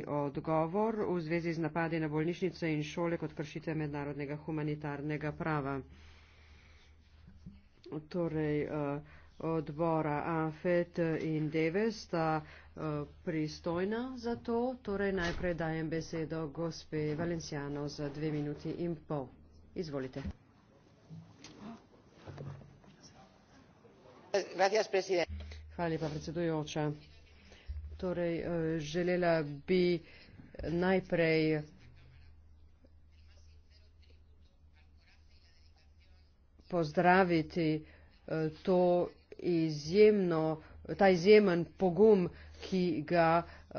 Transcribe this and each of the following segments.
odgovor v zvezi z napadi na bolnišnice in šole kot kršitev mednarodnega humanitarnega prava. Torej, eh, odbora AFET in DEVE sta eh, pristojna za to, torej najprej dajem besedo gospe Valenciano za dve minuti in pol. Izvolite. Hvala lepa, predsedujoča. Torej, eh, želela bi najprej pozdraviti eh, to izjemno, ta izjemen pogum, ki ga eh,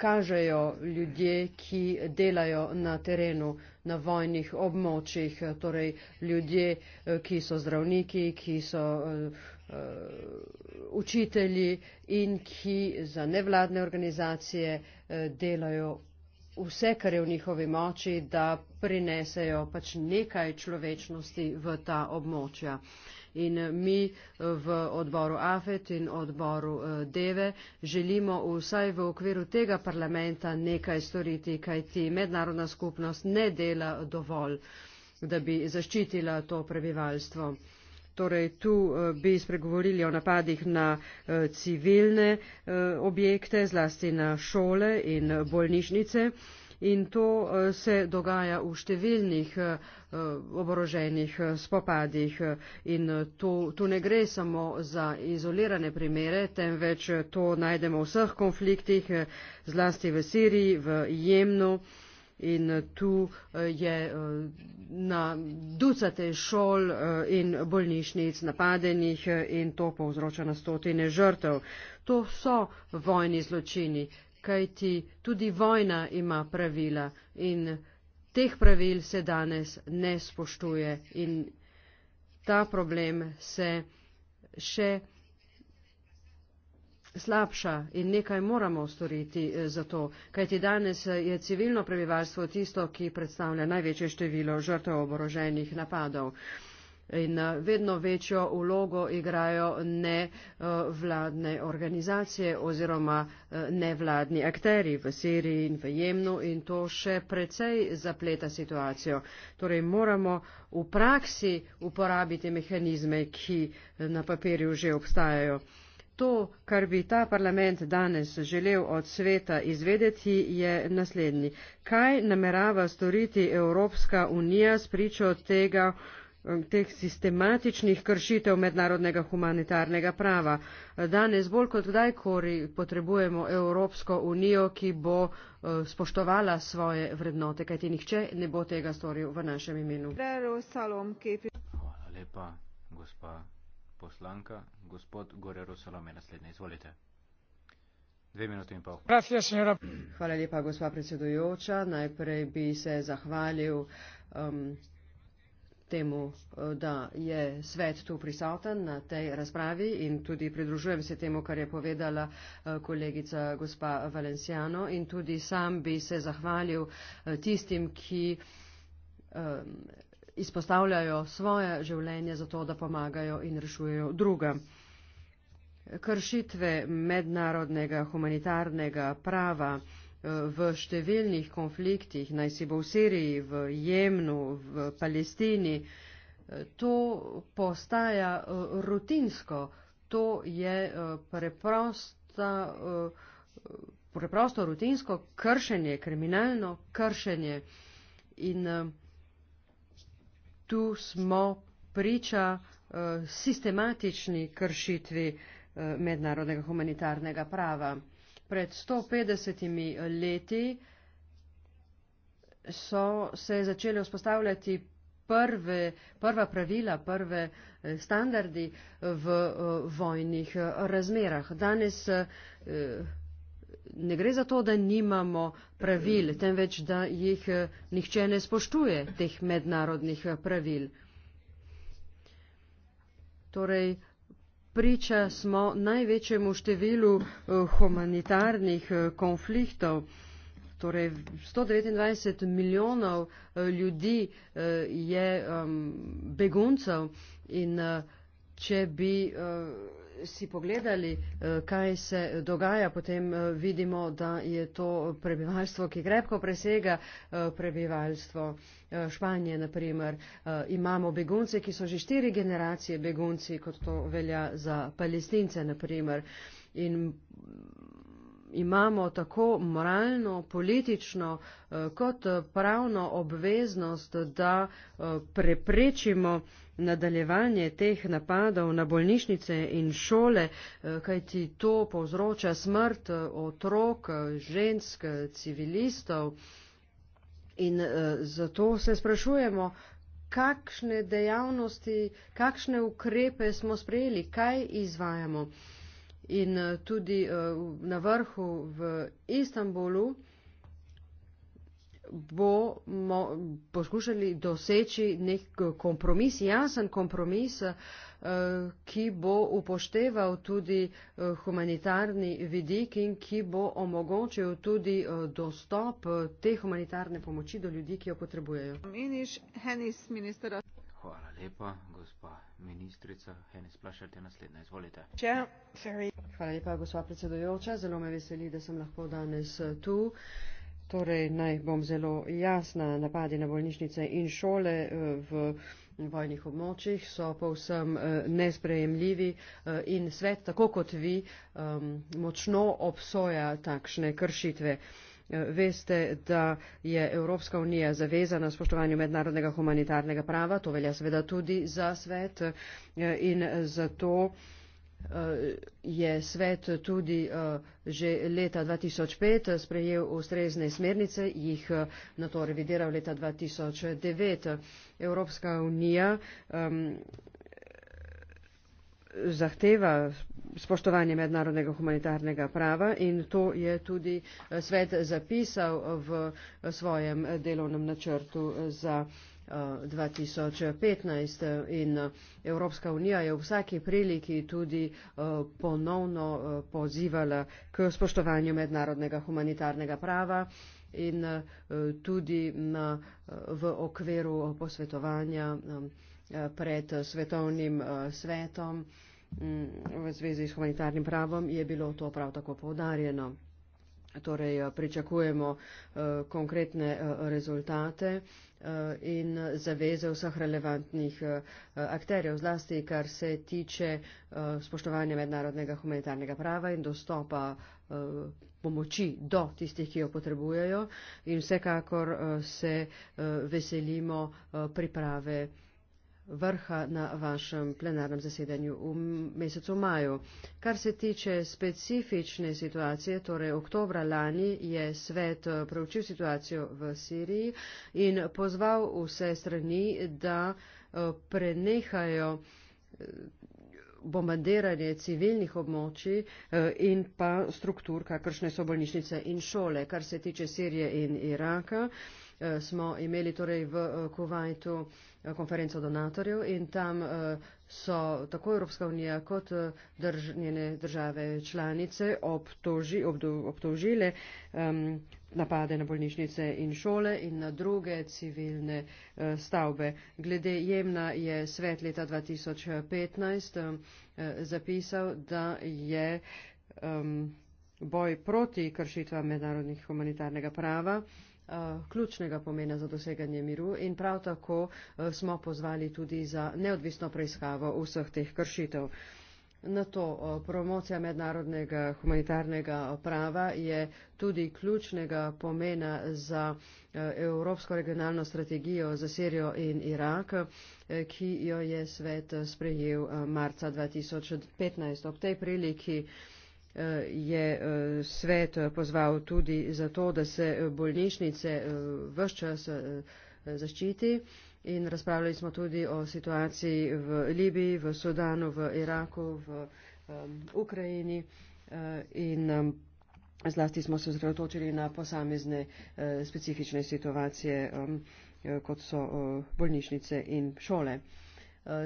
kažejo ljudje, ki delajo na terenu, na vojnih območjih, torej ljudje, ki so zdravniki, ki so Eh, učitelji in ki za nevladne organizacije eh, delajo vse, kar je v njihovi moči, da prinesejo pač nekaj človečnosti v ta območja. In eh, mi v odboru AFET in odboru DEVE želimo vsaj v okviru tega parlamenta nekaj storiti, kajti mednarodna skupnost ne dela dovolj, da bi zaščitila to prebivalstvo. Torej, tu eh, bi spregovorili o napadih na eh, civilne eh, objekte, zlasti na šole in bolnišnice. In to se dogaja v številnih oboroženih spopadih. In tu, tu ne gre samo za izolirane primere, temveč to najdemo v vseh konfliktih, zlasti v Siriji, v Jemnu in eh, tu eh, je eh, na ducate šol in bolnišnic napadenih in to povzroča na stotine žrtev. To so vojni zločini, kajti tudi vojna ima pravila in teh pravil se danes ne spoštuje in ta problem se še slabša in nekaj moramo storiti eh, za to, kajti danes eh, je civilno prebivalstvo tisto, ki predstavlja največje število žrtev oboroženih napadov. In eh, vedno večjo ulogo igrajo nevladne organizacije oziroma nevladni akteri v Siriji in v Jemnu in to še precej zapleta situacijo. Torej moramo v praksi uporabiti mehanizme, ki na papirju že obstajajo to, kar bi ta parlament danes želel od sveta izvedeti, je naslednji. Kaj namerava storiti Evropska unija s pričo tega, teh sistematičnih kršitev mednarodnega humanitarnega prava. Danes bolj kot kdajkoli potrebujemo Evropsko unijo, ki bo eh, spoštovala svoje vrednote, kajti nihče ne bo tega storil v našem imenu. Hvala lepa, gospa poslanka. Gospod Gorero Salome, naslednje, izvolite. Dve minuti in pol. Gracias, Hvala lepa, gospa predsedujoča. Najprej bi se zahvalil. Um, temu, da je svet tu prisoten na tej razpravi in tudi pridružujem se temu, kar je povedala uh, kolegica gospa Valenciano in tudi sam bi se zahvalil uh, tistim, ki um, izpostavljajo svoje življenje za to, da pomagajo in rešujejo druga. Kršitve mednarodnega humanitarnega prava eh, v številnih konfliktih, naj si bo v Siriji, v Jemnu, v Palestini, eh, to postaja eh, rutinsko, to je preprosta, preprosto rutinsko kršenje, kriminalno kršenje. In tu smo priča eh, sistematični kršitvi eh, mednarodnega humanitarnega prava. Pred 150 eh, leti so se začeli vzpostavljati prve, prva pravila, prve standardi v vojnih razmerah. Danes ne gre za to, da nimamo pravil, temveč, da jih eh, nihče ne spoštuje, teh mednarodnih eh, pravil. Torej, priča smo največjemu številu eh, humanitarnih konfliktov. Torej, 129 milijonov ljudi je ehm, beguncev in če bi si pogledali, eh, kaj se dogaja, potem eh, vidimo, da je to prebivalstvo, ki krepko presega eh, prebivalstvo Španije, naprimer. Imamo begunce, ki so že štiri generacije begunci, kot to velja za palestince, naprimer. In imamo tako moralno, politično eh, kot eh, pravno obveznost, da eh, preprečimo nadaljevanje teh napadov na bolnišnice in šole, kajti to povzroča smrt otrok, žensk, civilistov. In zato se sprašujemo, kakšne dejavnosti, kakšne ukrepe smo sprejeli, kaj izvajamo in eh, tudi eh, na vrhu v Istanbulu bomo poskušali doseči nek eh, kompromis, jasen kompromis, ki bo upošteval tudi humanitarni vidik in ki bo omogočil tudi dostop te humanitarne pomoči do ljudi, ki jo potrebujejo. Hvala lepa, gospa ministrica. Henes Plašarte, naslednja, izvolite. Hvala lepa, gospa predsedojoča. Zelo me veseli, da sem lahko danes eh, tu. Torej, naj bom zelo jasna, napadi na bolnišnice in šole eh, v vojnih območjih so povsem eh, nesprejemljivi in svet, tako kot vi, močno obsoja takšne kršitve veste, da je Evropska unija zavezana spoštovanju mednarodnega humanitarnega prava, to velja seveda tudi za svet eh, in zato eh, je svet tudi eh, že leta 2005 sprejel ustrezne smernice, jih na to revideral leta 2009. Evropska unija um, zahteva spoštovanje mednarodnega humanitarnega prava in to je tudi eh, svet zapisal v eh, svojem delovnem načrtu eh, za 2015 in Evropska unija je v vsaki priliki tudi ponovno pozivala k spoštovanju mednarodnega humanitarnega prava in tudi na, v okviru posvetovanja Eh, pred eh, svetovnim eh, svetom mm, v zvezi s humanitarnim pravom je bilo to prav tako povdarjeno. Torej, pričakujemo konkretne rezultate in zaveze vseh relevantnih akterjev, zlasti kar se tiče spoštovanja mednarodnega humanitarnega prava in dostopa pomoči do tistih, ki jo potrebujejo in vsekakor se veselimo priprave vrha na vašem plenarnem zasedanju v mesecu maju. Kar se tiče specifične situacije, torej oktobra lani je svet eh, preučil situacijo v Siriji in pozval vse strani, da eh, prenehajo eh, bombardiranje civilnih območij in pa struktur, kakršne so bolnišnice in šole. Kar se tiče Sirije in Iraka, Eh, smo imeli torej v eh, Kuwaitu eh, konferenco donatorjev in tam so tako Evropska unija kot drž, njene države članice obtoži, obdo, obtožile um, napade na bolnišnice in šole in na druge civilne uh, stavbe. Glede Jemna je svet leta 2015 uh, zapisal, da je um, boj proti kršitvam mednarodnih humanitarnega prava uh, Eh, ključnega pomena za doseganje miru in prav tako eh, smo pozvali tudi za neodvisno preiskavo vseh teh kršitev. Na to eh, promocija mednarodnega humanitarnega prava je tudi ključnega pomena za Evropsko regionalno strategijo za Sirijo in Irak, ki jo je svet sprejel marca 2015. Ob tej priliki Eh, je eh, svet eh, pozval tudi zato, da se bolnišnice vse čas zaščiti in razpravljali smo tudi o situaciji v Libiji, v Sudanu, v Iraku, v Ukrajini in zlasti smo se zredotočili na posamezne specifične situacije, kot so bolnišnice in šole.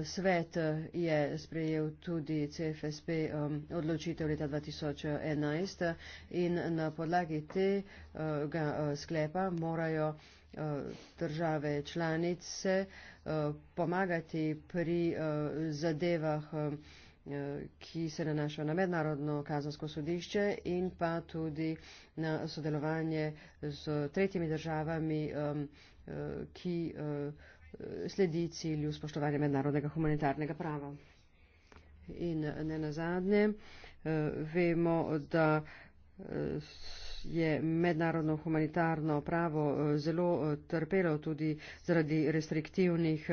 Svet eh, je sprejel tudi CFSP um, odločitev leta 2011 eh, in na podlagi tega eh, sklepa morajo države članice pomagati pri zadevah, ki se nanašajo na mednarodno kazansko sodišče in pa tudi na sodelovanje z tretjimi državami, ki sledi cilju spoštovanja mednarodnega humanitarnega prava. In ne nazadnje, eh, vemo, da eh, je mednarodno humanitarno pravo eh, zelo trpelo tudi zaradi restriktivnih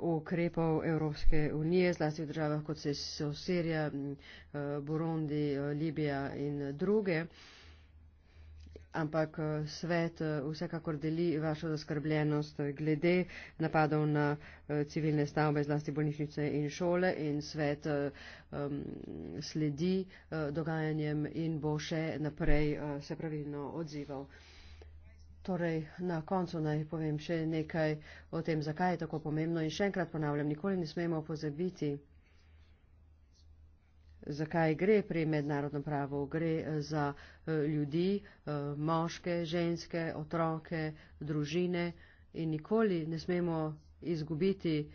ukrepov Evropske unije, zlasti v državah kot se so Sirija, Burundi, Libija in druge ampak eh, svet eh, vsekakor deli vašo zaskrbljenost eh, glede napadov na civilne stavbe, zlasti bolnišnice in šole in svet um, sledi dogajanjem in bo še naprej se pravilno odzival. Torej, na koncu naj povem še nekaj o tem, zakaj je tako pomembno in še enkrat ponavljam, nikoli ne smemo pozabiti zakaj gre pri mednarodnem pravu. Gre eh, za eh, ljudi, eh, moške, ženske, otroke, družine in nikoli ne smemo izgubiti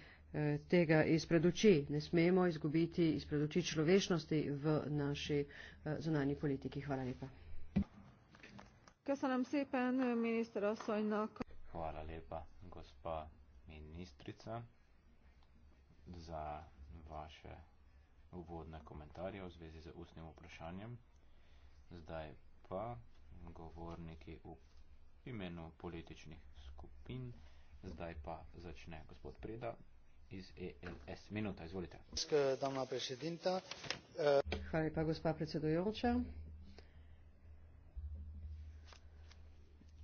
tega izpred oči. Ne smemo izgubiti izpred oči človečnosti v naši zunanji politiki. Hvala lepa. Hvala lepa, gospa ministrica, za vaše uvodne komentarje v zvezi z ustnim vprašanjem. Zdaj pa govorniki v imenu političnih skupin. Zdaj pa začne gospod Preda iz ELS. Minuta, izvolite. Eh, Hvala lepa, gospa predsedujoča.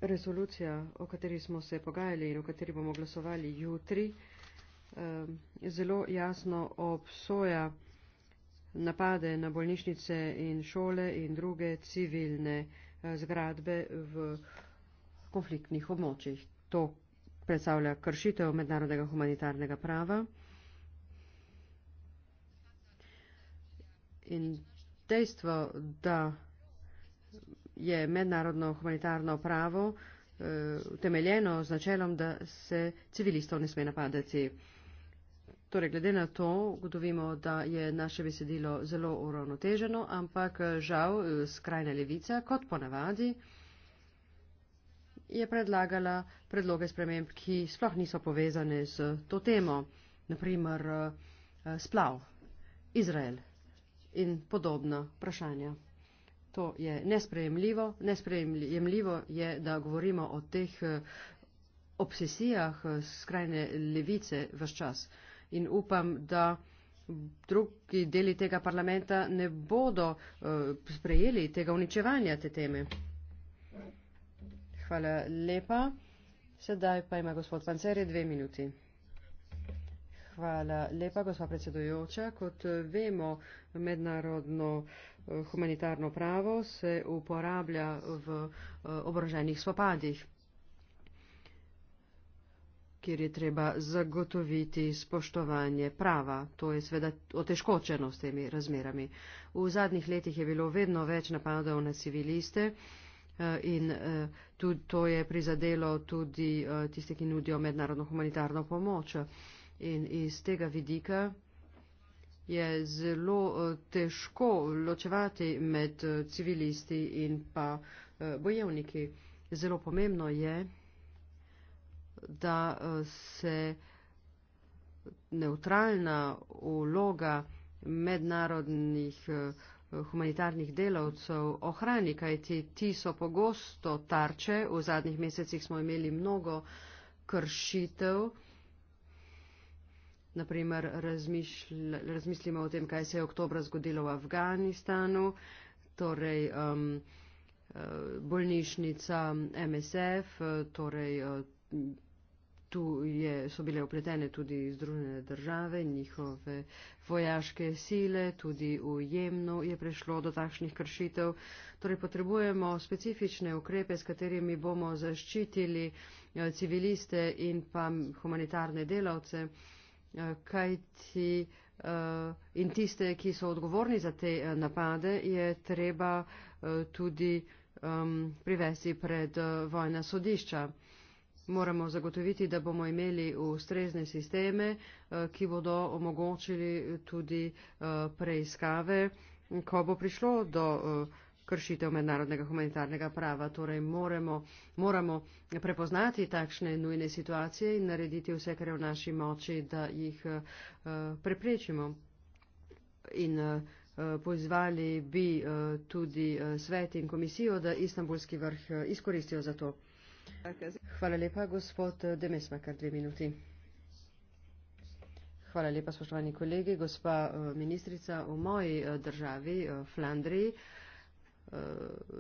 Rezolucija, o kateri smo se pogajali in o kateri bomo glasovali jutri, eh, zelo jasno obsoja napade na bolnišnice in šole in druge civilne eh, zgradbe v konfliktnih območjih. To predstavlja kršitev mednarodnega humanitarnega prava. In dejstvo, da je mednarodno humanitarno pravo eh, utemeljeno z načelom, da se civilistov ne sme napadati. Torej, glede na to, gotovimo, da je naše besedilo zelo uravnoteženo, ampak žal skrajna levica, kot ponavadi, je predlagala predloge sprememb, ki sploh niso povezane z to temo, naprimer splav, Izrael in podobna vprašanja. To je nesprejemljivo. Nesprejemljivo je, da govorimo o teh obsesijah skrajne levice vse čas in upam, da drugi deli tega parlamenta ne bodo uh, sprejeli tega uničevanja te teme. Hvala lepa. Sedaj pa ima gospod Panceri dve minuti. Hvala lepa, gospa predsedujoča. Kot eh, vemo, mednarodno eh, humanitarno pravo se uporablja v oboroženih spopadih kjer je treba zagotoviti spoštovanje prava. To je sveda otežkočeno s temi razmerami. V zadnjih letih je bilo vedno več napadov na civiliste eh, in eh, tudi to je prizadelo tudi eh, tiste, ki nudijo mednarodno humanitarno pomoč. In iz tega vidika je zelo težko ločevati med civilisti in pa bojevniki. Zelo pomembno je, da eh, se neutralna uloga mednarodnih eh, humanitarnih delavcev ohrani, kajti ti so pogosto tarče. V zadnjih mesecih smo imeli mnogo kršitev. Naprimer, razmišlj, razmislimo o tem, kaj se je oktobra zgodilo v Afganistanu, torej um, bolnišnica MSF, torej Tu je, so bile upletene tudi združene države, njihove vojaške sile, tudi v Jemnu je prišlo do takšnih kršitev. Torej potrebujemo specifične ukrepe, s katerimi bomo zaščitili eh, civiliste in pa humanitarne delavce, eh, kajti eh, in tiste, ki so odgovorni za te napade, je treba tudi ehm, privesti pred vojna sodišča moramo zagotoviti, da bomo imeli ustrezne sisteme, eh, ki bodo omogočili tudi eh, preiskave, ko bo prišlo do eh, kršitev mednarodnega humanitarnega prava. Torej moremo, moramo prepoznati takšne nujne situacije in narediti vse, kar je v naši moči, da jih preprečimo. In pozvali bi tudi svet in komisijo, da istambulski vrh izkoristijo za to. Hvala lepa, gospod eh, Demesmakar, dve minuti. Hvala lepa, spoštovani kolegi. Gospa eh, ministrica, v moji eh, državi, Flandriji,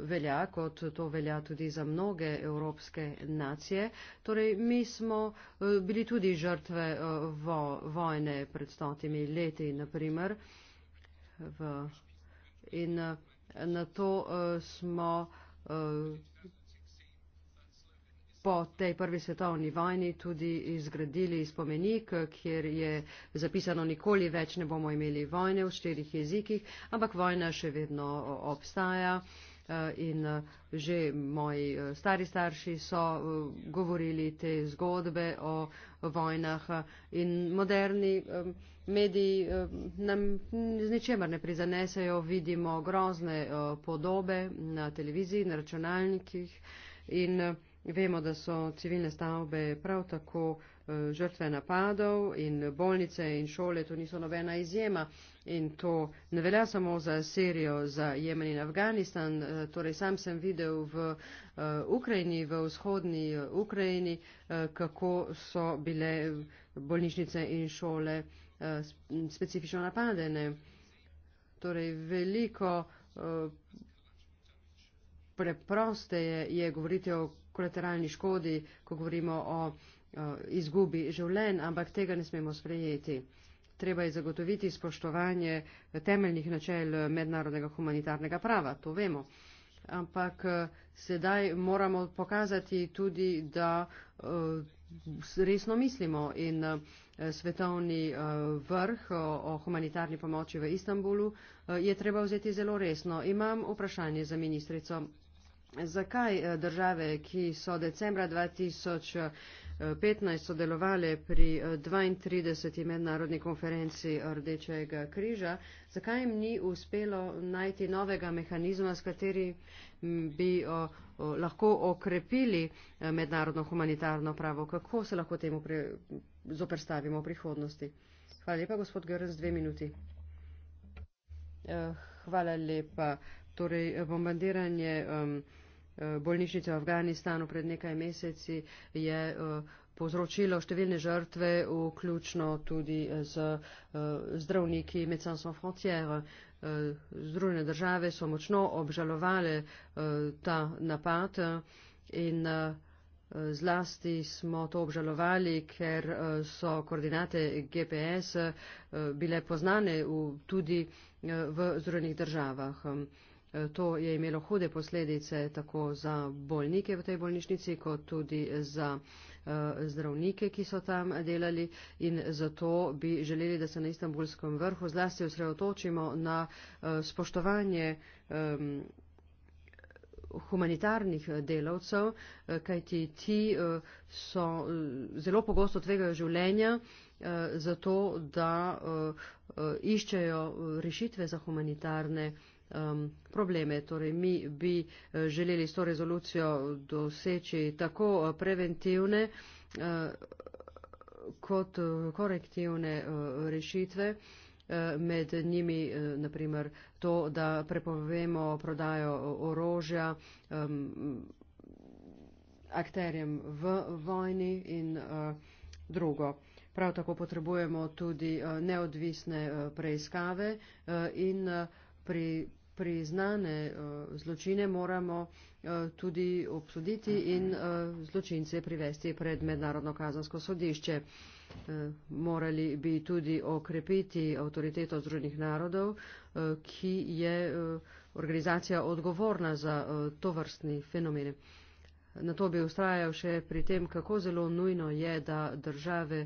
velja, kot to velja tudi za mnoge evropske nacije. Torej, mi smo bili tudi žrtve vo, vojne pred stotimi leti, naprimer. V, in na to smo po tej prvi svetovni vojni tudi izgradili spomenik, kjer je zapisano nikoli več ne bomo imeli vojne v štirih jezikih, ampak vojna še vedno obstaja. Eh, in eh, že moji eh, stari starši so govorili te zgodbe o vojnah in moderni mediji nam z ničemer ne prizanesejo, vidimo grozne podobe na televiziji, na računalnikih. In, uh, Vemo, da so civilne stavbe prav tako eh, žrtve napadov in bolnice in šole, to niso nobena izjema in to ne velja samo za Sirijo, za Jemen in Afganistan, eh, torej sam sem videl v eh, Ukrajini, v vzhodni Ukrajini, kako so bile bolnišnice in šole specifično napadene. Torej veliko preprosteje je govoriti o kolateralni škodi, ko govorimo o izgubi življenj, ampak tega ne smemo sprejeti. Treba je zagotoviti spoštovanje temeljnih načel mednarodnega humanitarnega prava, to vemo. Ampak eh, sedaj moramo pokazati tudi, da eh, resno mislimo in eh, svetovni vrh o humanitarni pomoči v Istanbulu je treba vzeti zelo resno. Imam vprašanje za ministrico. Zakaj eh, države, ki so decembra 2015 sodelovali pri 32. Eh, mednarodni konferenci Rdečega križa, zakaj jim ni uspelo najti novega mehanizma, s katerim bi o, eh, o, lahko okrepili mednarodno humanitarno pravo? Kako se lahko temu pre, zoperstavimo v prihodnosti? Hvala lepa, gospod Grns, dve minuti. Hvala lepa. Torej, bombardiranje um, Eh, bolnišnice v Afganistanu pred nekaj meseci je eh, povzročilo številne žrtve, vključno tudi eh, z zdravniki Médecins sans frontières. Združene države so močno obžalovali ta napad in zlasti smo to obžalovali, ker so koordinate GPS bile poznane tudi v združenih državah. To je imelo hude posledice tako za bolnike v tej bolnišnici, kot tudi za eh, zdravnike, ki so tam delali in zato bi želeli, da se na istambulskem vrhu zlasti osredotočimo na eh, spoštovanje humanitarnih delavcev, eh, kajti ti so zelo pogosto tvegajo življenja zato, da iščejo rešitve za humanitarne delavce um, probleme. Torej, mi bi eh, želeli s to rezolucijo doseči tako eh, preventivne uh, kot korektivne uh, rešitve. Med njimi naprimer to, da prepovemo prodajo orožja um, akterjem v vojni in uh, drugo. Prav tako potrebujemo tudi uh, neodvisne uh, preiskave uh, in uh, pri priznane eh, zločine moramo eh, tudi obsoditi in eh, zločince privesti pred mednarodno kazansko sodišče. Morali bi tudi okrepiti avtoriteto Združenih narodov, ki je organizacija odgovorna za to vrstni fenomen. Na to bi ustrajal še pri tem, kako zelo nujno je, da države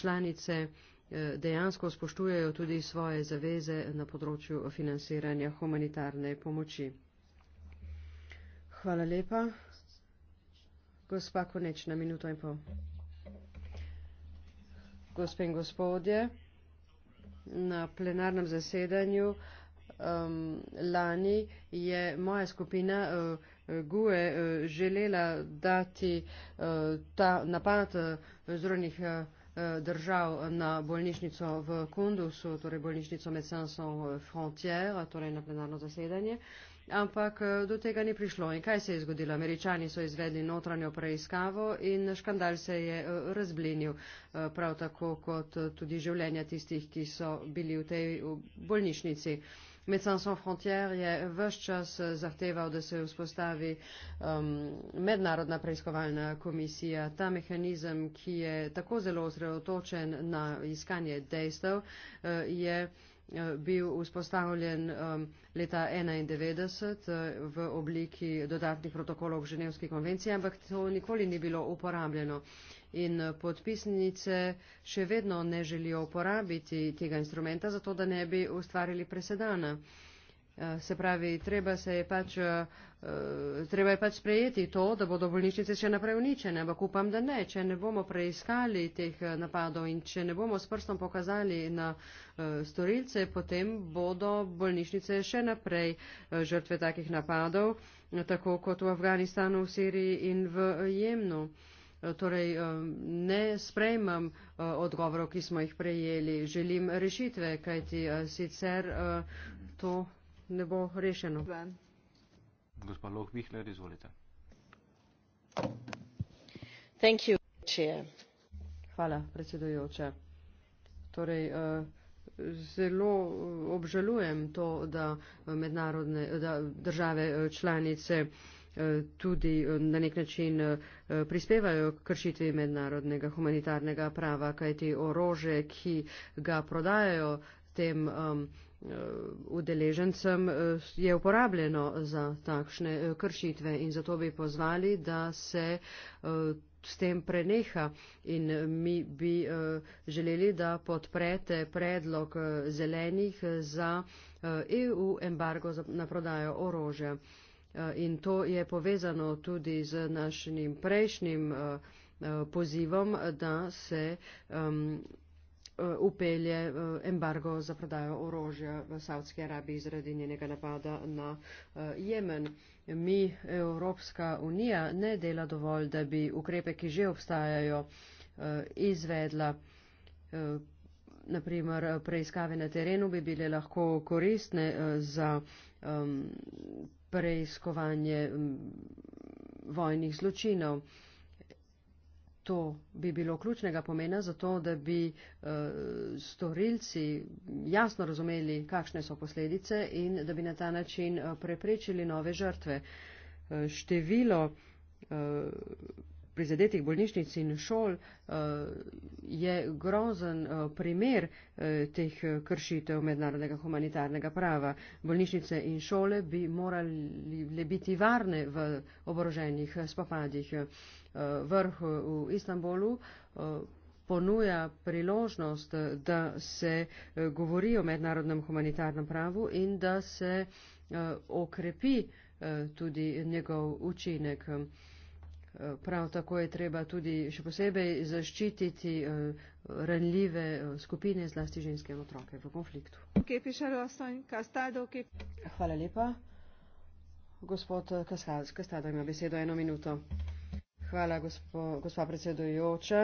članice Eh, dejansko spoštujejo tudi svoje zaveze na področju financiranja humanitarne pomoči. Hvala lepa. Gospa Koneč, na minuto in pol. Gospe in gospodje, na plenarnem zasedanju um, lani je moja skupina uh, GUE uh, želela dati uh, ta napad uh, zrovnih uh, Eh, držav na bolnišnico v Kundusu, torej bolnišnico Medecins sans frontières, torej na plenarno zasedanje. Ampak eh, do tega ni prišlo. In kaj se je zgodilo? Američani so izvedli notranjo preiskavo in škandal se je eh, razblinil, prav tako kot tudi življenja tistih, ki so bili v tej bolnišnici. Medicine sans frontières je vse čas zahteval, da se vzpostavi um, mednarodna preiskovalna komisija. Ta mehanizem, ki je tako zelo osredotočen na iskanje dejstev, uh, je eh, bil vzpostavljen um, leta 1991 uh, eh, v obliki dodatnih protokolov ženevskih konvencij, ampak to nikoli ni bilo uporabljeno. Uh, in eh, podpisnice še vedno ne želijo uporabiti tega instrumenta, zato da ne bi ustvarili presedana. Eh, se pravi, treba, se je pač, eh, treba je pač sprejeti to, da bodo bolnišnice še naprej uničene, ampak upam, da ne. Če ne bomo preiskali teh napadov in če ne bomo s prstom pokazali na storilce, potem bodo bolnišnice še naprej žrtve takih napadov, tako kot v Afganistanu, v Siriji in v Jemnu. Eh, torej, eh, ne sprejmem eh, odgovorov, ki smo jih prejeli. Želim rešitve, kajti sicer to ne bo rešeno. Gospod Loh Vihler, izvolite. Hvala, predsedujoča. Torej, zelo obžalujem to, da, da države članice tudi eh, na nek način eh, prispevajo k kršitvi mednarodnega humanitarnega prava, kajti orože, ki ga prodajajo tem um, udeležencem, je uporabljeno za takšne kršitve in zato bi pozvali, da se uh, s tem preneha in mi bi uh, želeli, da podprete predlog zelenih za uh, EU embargo za, na prodajo orožja. Eh, in to je povezano tudi z našim prejšnjim eh, eh, pozivom, da se upelje embargo za prodajo orožja v Saudski Arabiji zaradi njenega napada na Jemen. Mi, Evropska unija, ne dela dovolj, da bi ukrepe, ki že obstajajo, izvedla. Naprimer, preiskave na terenu bi bile lahko koristne za preiskovanje vojnih zločinov. To bi bilo ključnega pomena za to, da bi eh, storilci jasno razumeli, kakšne so posledice in da bi na ta način eh, preprečili nove žrtve. Eh, število prizadetih bolnišnic in šol eh, je grozen eh, primer eh, teh kršitev mednarodnega humanitarnega prava. Bolnišnice in šole bi morali biti varne v oboroženih spopadih. Vrh v Istanbulu ponuja priložnost, da se govori o mednarodnem humanitarnem pravu in da se okrepi tudi njegov učinek. Prav tako je treba tudi še posebej zaščititi eh, ranljive eh, skupine, zlasti ženske in otroke v konfliktu. Hvala lepa. Gospod Kastado eh, ima besedo eno minuto. Hvala, gospod, gospa predsedujoča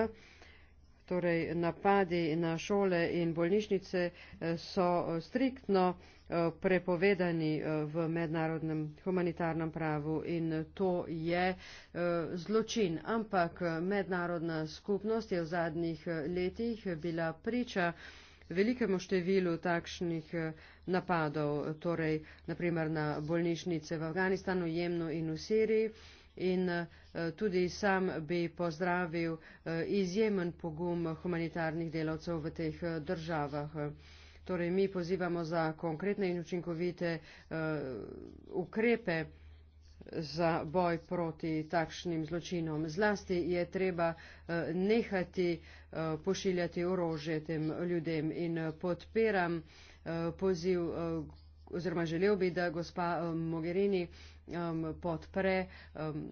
torej napadi na šole in bolnišnice eh, so eh, striktno eh, prepovedani v mednarodnem humanitarnem pravu in to je zločin. Ampak mednarodna skupnost je v zadnjih letih bila priča velikemu številu takšnih napadov, torej naprimer na bolnišnice v Afganistanu, Jemnu in v Siriji in eh, tudi sam bi pozdravil eh, izjemen pogum humanitarnih delavcev v teh eh, državah. Torej, mi pozivamo za konkretne in učinkovite ukrepe za boj proti takšnim zločinom. Zlasti je treba nehati pošiljati orožje tem ljudem in podpiram poziv oziroma želel bi, da gospa Mogherini um, podpre um,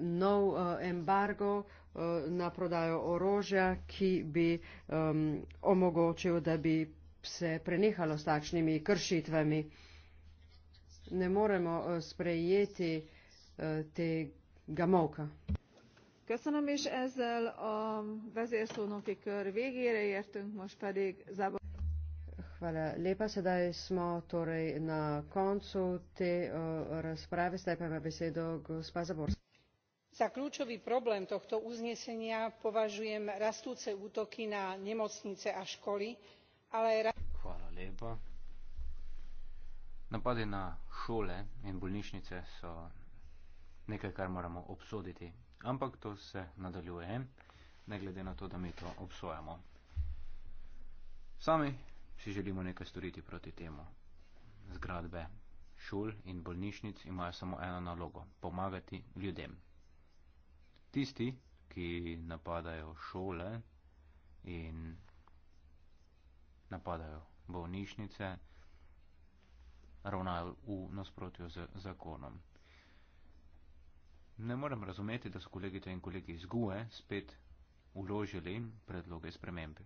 nov uh, embargo uh, na prodajo orožja, ki bi um, omogočil, da bi se prenehalo s takšnimi kršitvami. Ne moremo uh, sprejeti uh, tega moka. Köszönöm is ezzel a vezérszónoki kör végére értünk, most pedig Zabor. Hvala lepa. Sedaj smo torej na koncu te uh, razprave. Zdaj pa ima besedo gospa Zaborska. Za kľúčový problém tohto uznesenia považujem rastúce útoky na nemocnice a školy, ale... Hvala lepa. Napade na šole in bolnišnice so nekaj, kar moramo obsoditi, ampak to se nadaljuje, ne glede na to, da mi to obsojamo. Sami vsi želimo nekaj storiti proti temu. Zgradbe šol in bolnišnic imajo samo eno nalogo - pomagati ljudem. Tisti, ki napadajo šole in napadajo bolnišnice, ravnajo v nasprotju z zakonom. Ne morem razumeti, da so kolegice in kolegi iz GUE spet uložili predloge spremembe.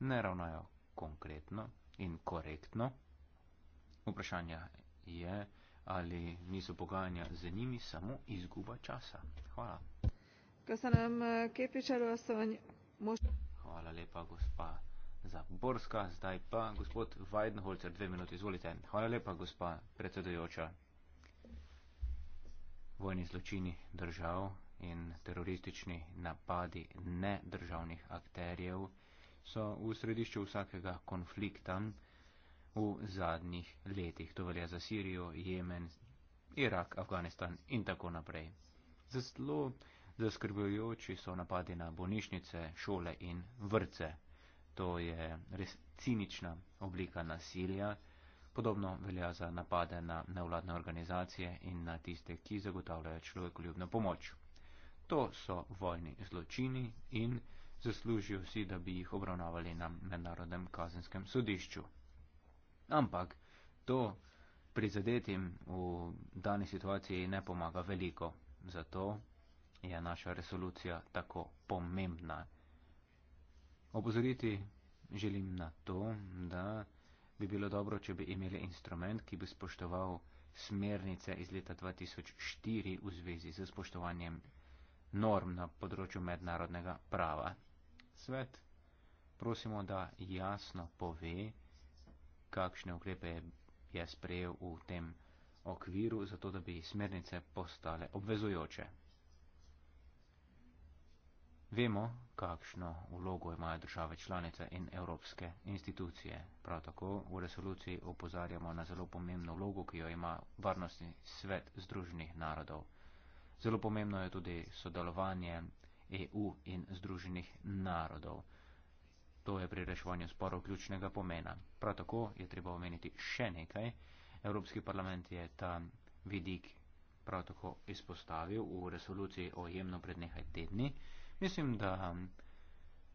Ne ravnajo konkretno in korektno. Vprašanje je, ali niso pogajanja z njimi samo izguba časa. Hvala. Hvala lepa, gospa Zaborska. Zdaj pa gospod Weidenholzer, dve minuti, izvolite. Hvala lepa, gospa predsedujoča. Vojni zločini držav in teroristični napadi nedržavnih akterjev so v središču vsakega konflikta v zadnjih letih. To velja za Sirijo, Jemen, Irak, Afganistan in tako naprej. Zelo zaskrbljujoči so napadi na bolnišnice, šole in vrce. To je res cinična oblika nasilja. Podobno velja za napade na nevladne organizacije in na tiste, ki zagotavljajo človekoljubno pomoč. To so vojni zločini in zaslužijo vsi, da bi jih obravnavali na mednarodnem kazenskem sodišču. Ampak to prizadetim v dani situaciji ne pomaga veliko. Zato je naša resolucija tako pomembna. Opozoriti želim na to, da bi bilo dobro, če bi imeli instrument, ki bi spoštoval smernice iz leta 2004 v zvezi z spoštovanjem norm na področju mednarodnega prava svet, prosimo, da jasno pove, kakšne ukrepe je sprejel v tem okviru, zato da bi smernice postale obvezujoče. Vemo, kakšno vlogo imajo države članice in evropske institucije. Prav tako v resoluciji opozarjamo na zelo pomembno vlogo, ki jo ima varnostni svet združenih narodov. Zelo pomembno je tudi sodelovanje EU in Združenih narodov. To je pri reševanju sporov ključnega pomena. Prav tako je treba omeniti še nekaj. Evropski parlament je ta vidik prav tako izpostavil v resoluciji o jemno pred nekaj tedni. Mislim, da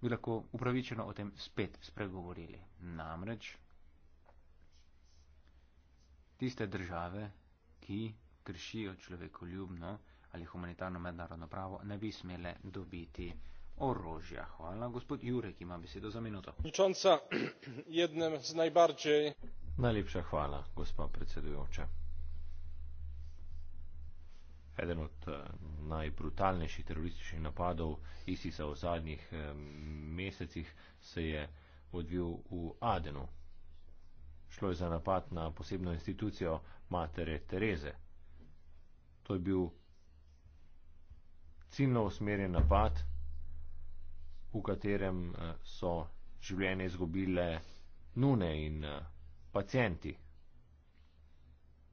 bi lahko upravičeno o tem spet spregovorili. Namreč tiste države, ki kršijo človekoljubno, ali humanitarno mednarodno pravo ne bi smele dobiti orožja. Hvala, gospod Jurek, ima besedo za minuto. Učonca, jednem z najbaržej. Najlepša hvala, gospod predsedujoča. Eden od eh, najbrutalnejših terorističnih napadov ISIS-a v zadnjih eh, mesecih se je odvil v Adenu. Šlo je za napad na posebno institucijo matere Tereze. To je bil ciljno usmerjen napad, v katerem eh, so življenje izgubile nune in eh, pacijenti.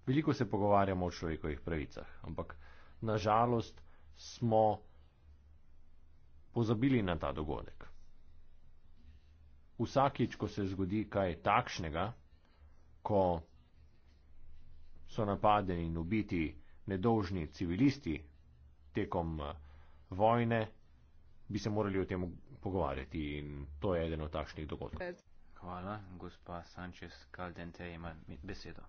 Veliko se pogovarjamo o človekovih pravicah, ampak nažalost smo pozabili na ta dogodek. Vsakič, ko se zgodi kaj takšnega, ko so napadeni in ubiti nedolžni civilisti tekom uh, vojne, bi se morali o tem pogovarjati in to je eden od takšnih dogodkov. Hvala, gospa Sančes Kaldente ima besedo.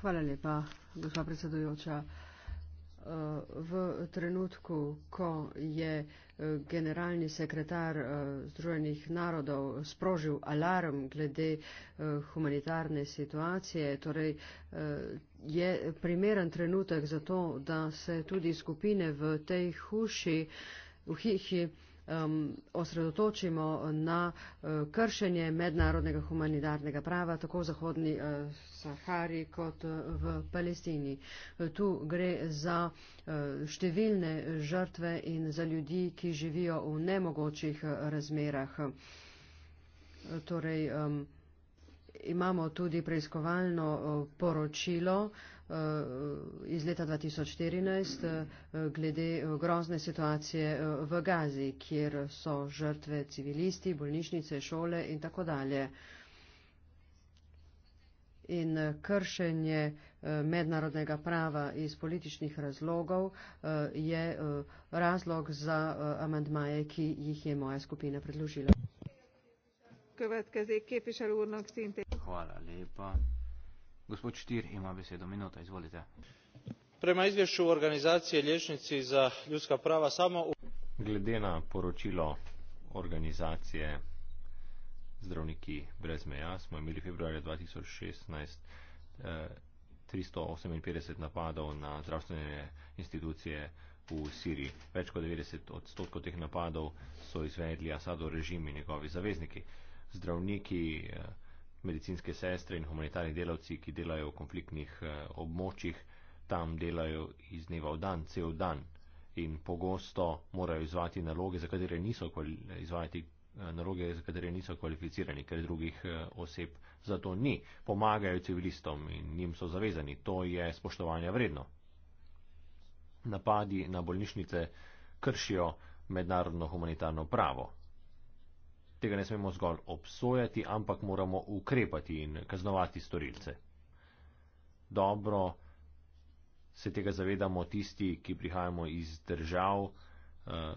Hvala lepa, gospa predsedujoča v trenutku, ko je eh, generalni sekretar eh, Združenih narodov sprožil alarm glede eh, humanitarne situacije, torej je primeren trenutek za to, da se tudi skupine v tej huši, v hiši, um, osredotočimo na uh, kršenje mednarodnega humanitarnega prava tako v Zahodni uh, Sahari kot uh, v Palestini. Tu gre za uh, številne žrtve in za ljudi, ki živijo v nemogočih razmerah. Torej, um, imamo tudi preiskovalno uh, poročilo uh, Eh, iz leta 2014 eh, glede grozne situacije eh, v Gazi, kjer so žrtve civilisti, bolnišnice, šole in tako dalje. In kršenje mednarodnega prava iz političnih razlogov je razlog za amandmaje, ki jih je moja skupina predložila. Hvala lepa gospod štir ima besedo minuta izvolite prema izvješću organizacije liječnici za ljudska prava samo u... glede na poročilo organizacije zdravniki brez meja smo imeli februarja 2016 eh, 358 napadov na zdravstvene institucije v Siriji. Več kot 90 odstotkov teh napadov so izvedli Asadov režim in njegovi zavezniki. Zdravniki eh, medicinske sestre in humanitarni delavci, ki delajo v konfliktnih eh, območjih, tam delajo iz dneva v dan, cel dan in pogosto morajo izvajati naloge, za katere niso, kvali eh, naloge, za katere niso kvalificirani, ker drugih eh, oseb za to ni. Pomagajo civilistom in njim so zavezani. To je spoštovanja vredno. Napadi na bolnišnice kršijo mednarodno humanitarno pravo tega ne smemo zgolj obsojati, ampak moramo ukrepati in kaznovati storilce. Dobro se tega zavedamo tisti, ki prihajamo iz držav, eh,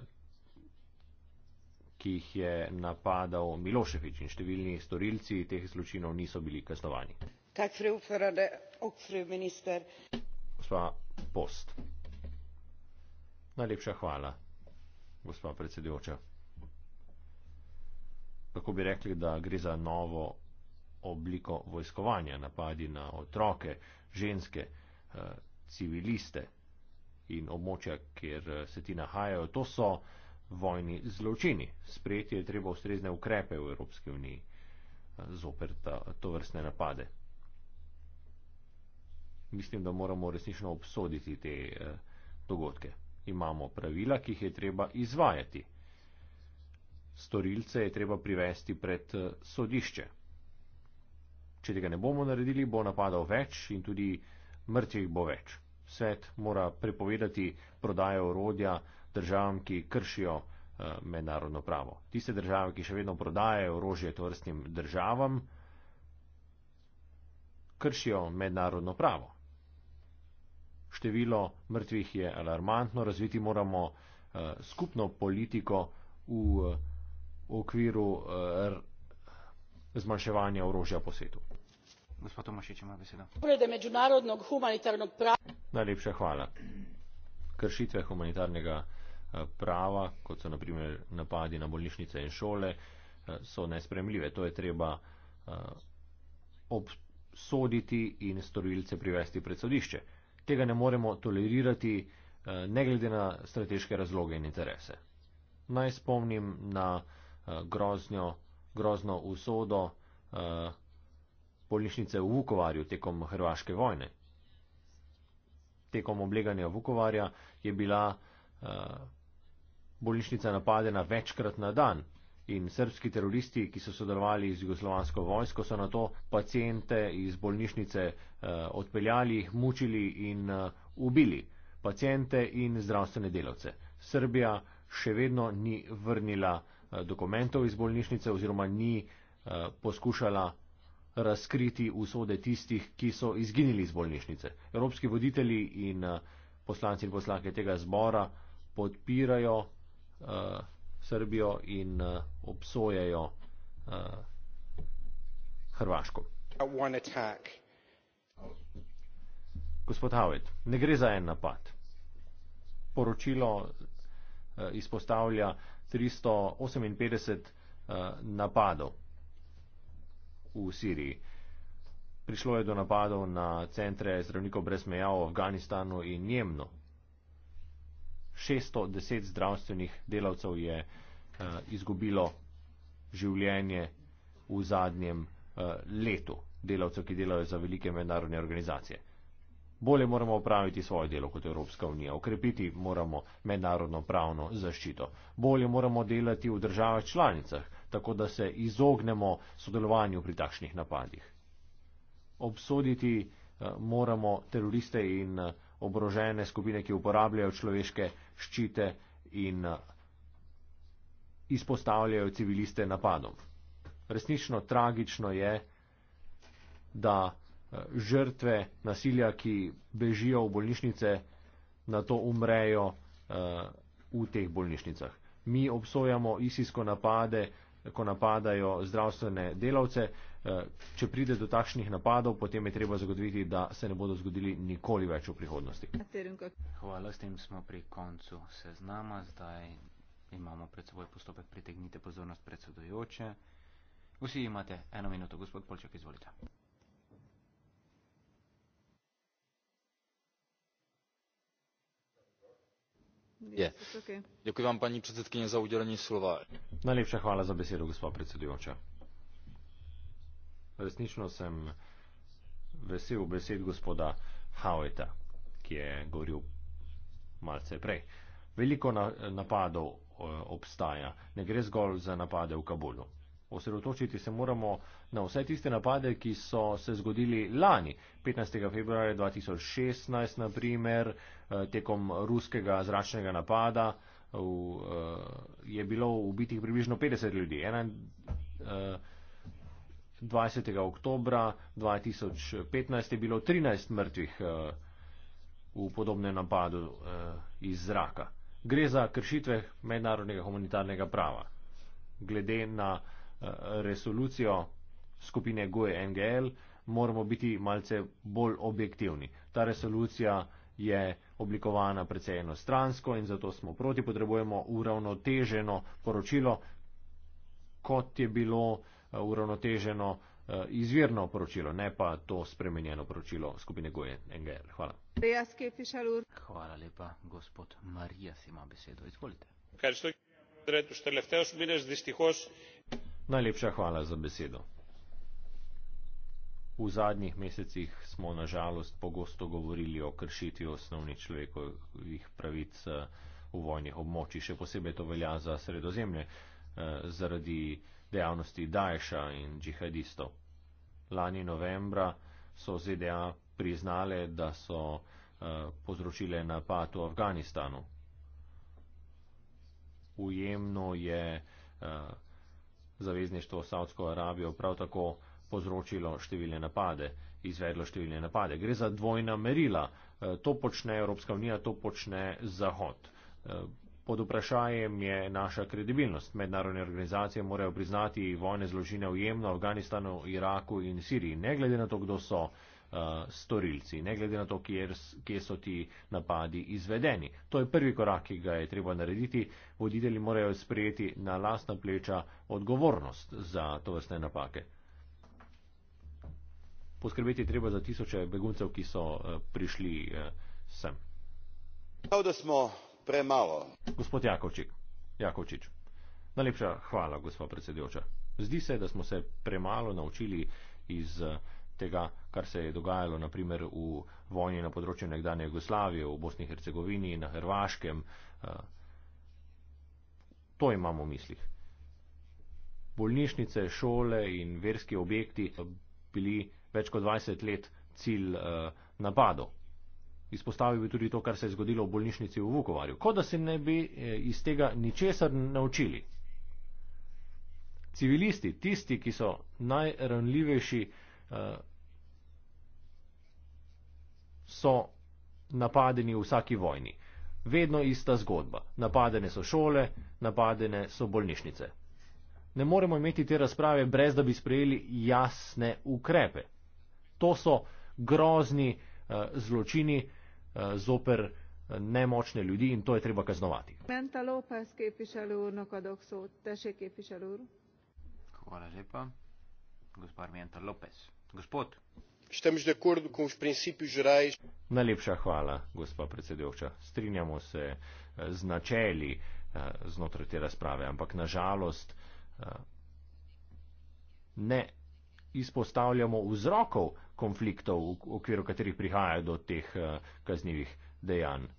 ki jih je napadal Miloševič in številni storilci teh zločinov niso bili kaznovani. Gospa Post. Najlepša hvala, gospa predsedujoča lahko bi rekli, da gre za novo obliko vojskovanja, napadi na otroke, ženske, eh, civiliste in območja, kjer eh, se ti nahajajo. To so vojni zločini. Sprejeti je treba ustrezne ukrepe v Evropski uniji eh, zoper ta, to vrstne napade. Mislim, da moramo resnično obsoditi te eh, dogodke. Imamo pravila, ki jih je treba izvajati. Storilce je treba privesti pred eh, sodišče. Če tega ne bomo naredili, bo napadal več in tudi mrtvih bo več. Svet mora prepovedati prodajo orodja državam, ki kršijo eh, mednarodno pravo. Tiste države, ki še vedno prodajajo orožje tovrstnim državam, kršijo mednarodno pravo. Število mrtvih je alarmantno, razviti moramo eh, skupno politiko v državi v okviru eh, zmanjševanja orožja po svetu. Gospod Tomašič ima besedo. Urede mednarodnog humanitarnog prava. Najlepša hvala. Kršitve humanitarnega eh, prava, kot so naprimer napadi na bolnišnice in šole, eh, so nespremljive. To je treba obsoditi in storilce privesti pred sodišče. Tega ne moremo tolerirati, ne glede na strateške razloge in interese. Naj spomnim na Eh, groznjo, grozno usodo eh, bolnišnice v Vukovarju tekom Hrvaške vojne. Tekom obleganja Vukovarja je bila eh, bolnišnica napadena večkrat na dan in srbski teroristi, ki so sodelovali z jugoslovansko vojsko, so na to pacijente iz bolnišnice odpeljali, mučili in ubili pacijente in zdravstvene delavce. Srbija še vedno ni vrnila Eh, dokumentov iz bolnišnice oziroma ni eh, poskušala razkriti usode tistih, ki so izginili iz bolnišnice. Evropski voditelji in eh, poslanci in poslanke tega zbora podpirajo uh, Srbijo in uh, obsojajo uh, Hrvaško. Gospod Havet, ne gre za en napad. Poročilo uh, izpostavlja uh, 358 uh, eh, napadov v Siriji. Prišlo je do napadov na centre zdravnikov brez meja v Afganistanu in Jemnu. 610 zdravstvenih delavcev je uh, izgubilo življenje v zadnjem uh, letu, delavcev, ki delajo za velike mednarodne organizacije. Bolje moramo opraviti svoje delo kot Evropska unija, okrepiti moramo mednarodno pravno zaščito, bolje moramo delati v državah članicah, tako da se izognemo sodelovanju pri takšnih napadih. Obsoditi eh, moramo teroriste in eh, obrožene skupine, ki uporabljajo človeške ščite in eh, izpostavljajo civiliste napadom. Resnično tragično je, da Eh, žrtve nasilja, ki bežijo v bolnišnice, na to umrejo eh, v teh bolnišnicah. Mi obsojamo isisko napade, ko napadajo zdravstvene delavce. Eh, če pride do takšnih napadov, potem je treba zagotoviti, da se ne bodo zgodili nikoli več v prihodnosti. Hvala, s tem smo pri koncu seznama. Zdaj imamo pred seboj postopek pritegnite pozornost predsedojoče. Vsi imate eno minuto, gospod Polčak, izvolite. Děkuji vám, paní předsedkyně, za udělení slova. Najlepša hvala za besedo, gospa predsedujoča. Resnično sem vesel besed gospoda Haueta, ki je govoril malce prej. Veliko napadov eh, obstaja, ne gre zgolj za napade v Kabulu. Osredotočiti se moramo na vse tiste napade, ki so se zgodili lani, 15. februarja 2016, naprimer, eh, tekom ruskega zračnega napada v, eh, je bilo ubitih približno 50 ljudi. 21. Eh, oktobra 2015 je bilo 13 mrtvih v podobnem napadu iz zraka. Gre za kršitve mednarodnega humanitarnega prava. Glede na Eh, resolucijo skupine GOE-NGL, moramo biti malce bolj objektivni. Ta resolucija je oblikovana precej enostransko in zato smo proti, potrebujemo uravnoteženo poročilo, kot je bilo eh, uravnoteženo eh, izvirno poročilo, ne pa to spremenjeno poročilo skupine GOE-NGL. Hvala. Hvala lepa, gospod Marija, si ima besedo. Izvolite. Kaj je to? Tretjo, štelefteos, mineš, dištihos. Najlepša hvala za besedo. V zadnjih mesecih smo nažalost pogosto govorili o kršitvi osnovnih človekovih pravic eh, v vojnih območjih, še posebej to velja za sredozemlje eh, zaradi dejavnosti Daesha in džihadistov. Lani novembra so ZDA priznale, da so eh, povzročile napad v Afganistanu. Ujemno je zavezništvo v Saudsko Arabijo prav tako povzročilo številne napade, izvedlo številne napade. Gre za dvojna merila. E, to počne Evropska unija, to počne Zahod. E, pod vprašanjem je naša kredibilnost. Mednarodne organizacije morajo priznati vojne zložine v Jemnu, Afganistanu, Iraku in Siriji. Ne glede na to, kdo so uh, storilci, ne glede na to, kje, kje so ti napadi izvedeni. To je prvi korak, ki ga je treba narediti. Voditelji morajo sprejeti na lastna pleča odgovornost za to vrstne napake. Poskrbeti treba za tisoče beguncev, ki so uh, prišli uh, sem. Prav, da smo premalo. Gospod Jakovčič, Jakovčič. Najlepša hvala, gospod predsedujoča. Zdi se, da smo se premalo naučili iz tega kar se je dogajalo naprimer v vojni na področju nekdanje Jugoslavije, v Bosni in Hercegovini, na Hrvaškem. Eh, to imamo v mislih. Bolnišnice, šole in verski objekti bili več kot 20 let cilj eh, napadov. Izpostavil bi tudi to, kar se je zgodilo v bolnišnici v Vukovarju. Kot da se ne bi eh, iz tega ničesar naučili. Civilisti, tisti, ki so najranljivejši, so napadeni v vsaki vojni. Vedno ista zgodba. Napadene so šole, napadene so bolnišnice. Ne moremo imeti te razprave, brez da bi sprejeli jasne ukrepe. To so grozni uh, zločini uh, zoper eh, nemočne ljudi in to je treba kaznovati. Hvala lepa. Gospod Armijanta Lopes. Gospod. Estamos de acordo com os princípios gerais. Najlepša hvala, gospa predsedujoča. Strinjamo se eh, z načeli eh, znotraj te razprave, ampak nažalost eh, ne izpostavljamo vzrokov konfliktov, v okviru katerih prihaja do teh kaznjivih dejanj.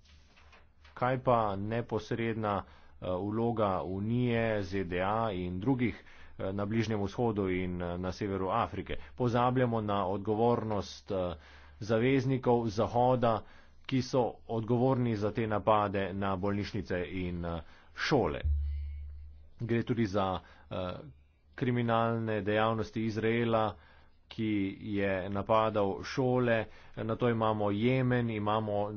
Kaj pa neposredna Eh, vloga Unije, ZDA in drugih eh, na Bližnjem vzhodu in eh, na severu Afrike. Pozabljamo na odgovornost zaveznikov Zahoda, ki so odgovorni za te napade na bolnišnice in šole. Gre tudi za kriminalne dejavnosti Izraela, ki je napadal šole, na to imamo Jemen, imamo uh,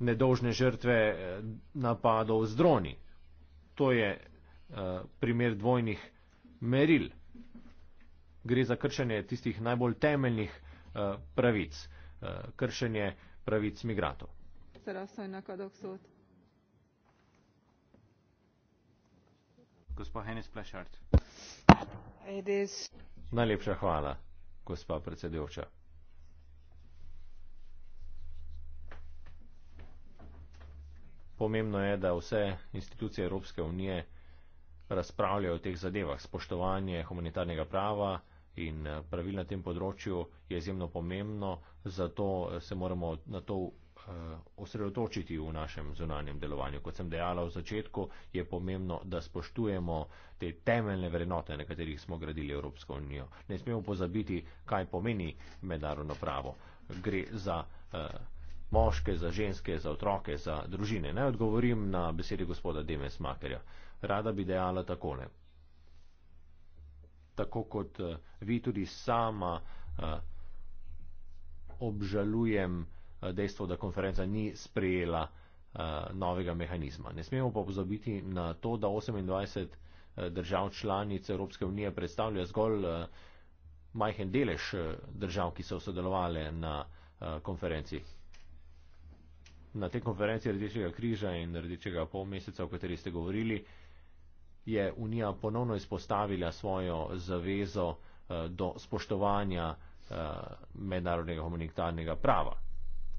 nedolžne žrtve eh, napadov z droni. To je eh, primer dvojnih meril. Gre za kršenje tistih najbolj temeljnih eh, pravic, kršenje pravic migratov. Najlepša hvala, gospa predsedujoča. Pomembno je, da vse institucije Evropske unije razpravljajo o teh zadevah. Spoštovanje humanitarnega prava in eh, pravil na tem področju je izjemno pomembno, zato eh, se moramo na to eh, osredotočiti v našem zunanjem delovanju. Kot sem dejala v začetku, je pomembno, da spoštujemo te temeljne vrednote, na katerih smo gradili Evropsko unijo. Ne smemo pozabiti, kaj pomeni mednarodno pravo. Gre za uh, moške, za ženske, za otroke, za družine. Naj odgovorim na besede gospoda Demes Makerja. Rada bi dejala takole. Tako kot eh, vi tudi sama eh, obžalujem eh, dejstvo, da konferenca ni sprejela novega mehanizma. Ne smemo pa pozabiti na to, da 28 držav članic Evropske unije predstavlja zgolj majhen delež držav, ki so sodelovali na konferenci na tej konferenci Rdečega križa in Rdečega pol meseca, o kateri ste govorili, je Unija ponovno izpostavila svojo zavezo eh, do spoštovanja eh, mednarodnega humanitarnega prava.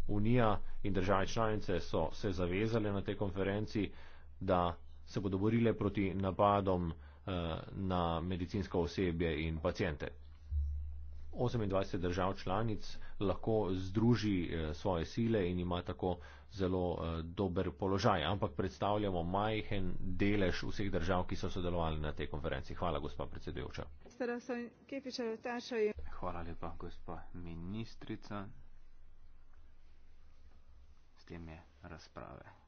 Unija in države članice so se zavezali na tej konferenci, da se bodo borile proti napadom eh, na medicinsko osebje in pacijente. 28 držav članic lahko združi svoje sile in ima tako zelo uh, dober položaj, ampak predstavljamo majhen delež vseh držav, ki so sodelovali na tej konferenci. Hvala, gospa predsedujoča. Hvala lepa, gospa ministrica. S tem je razprave.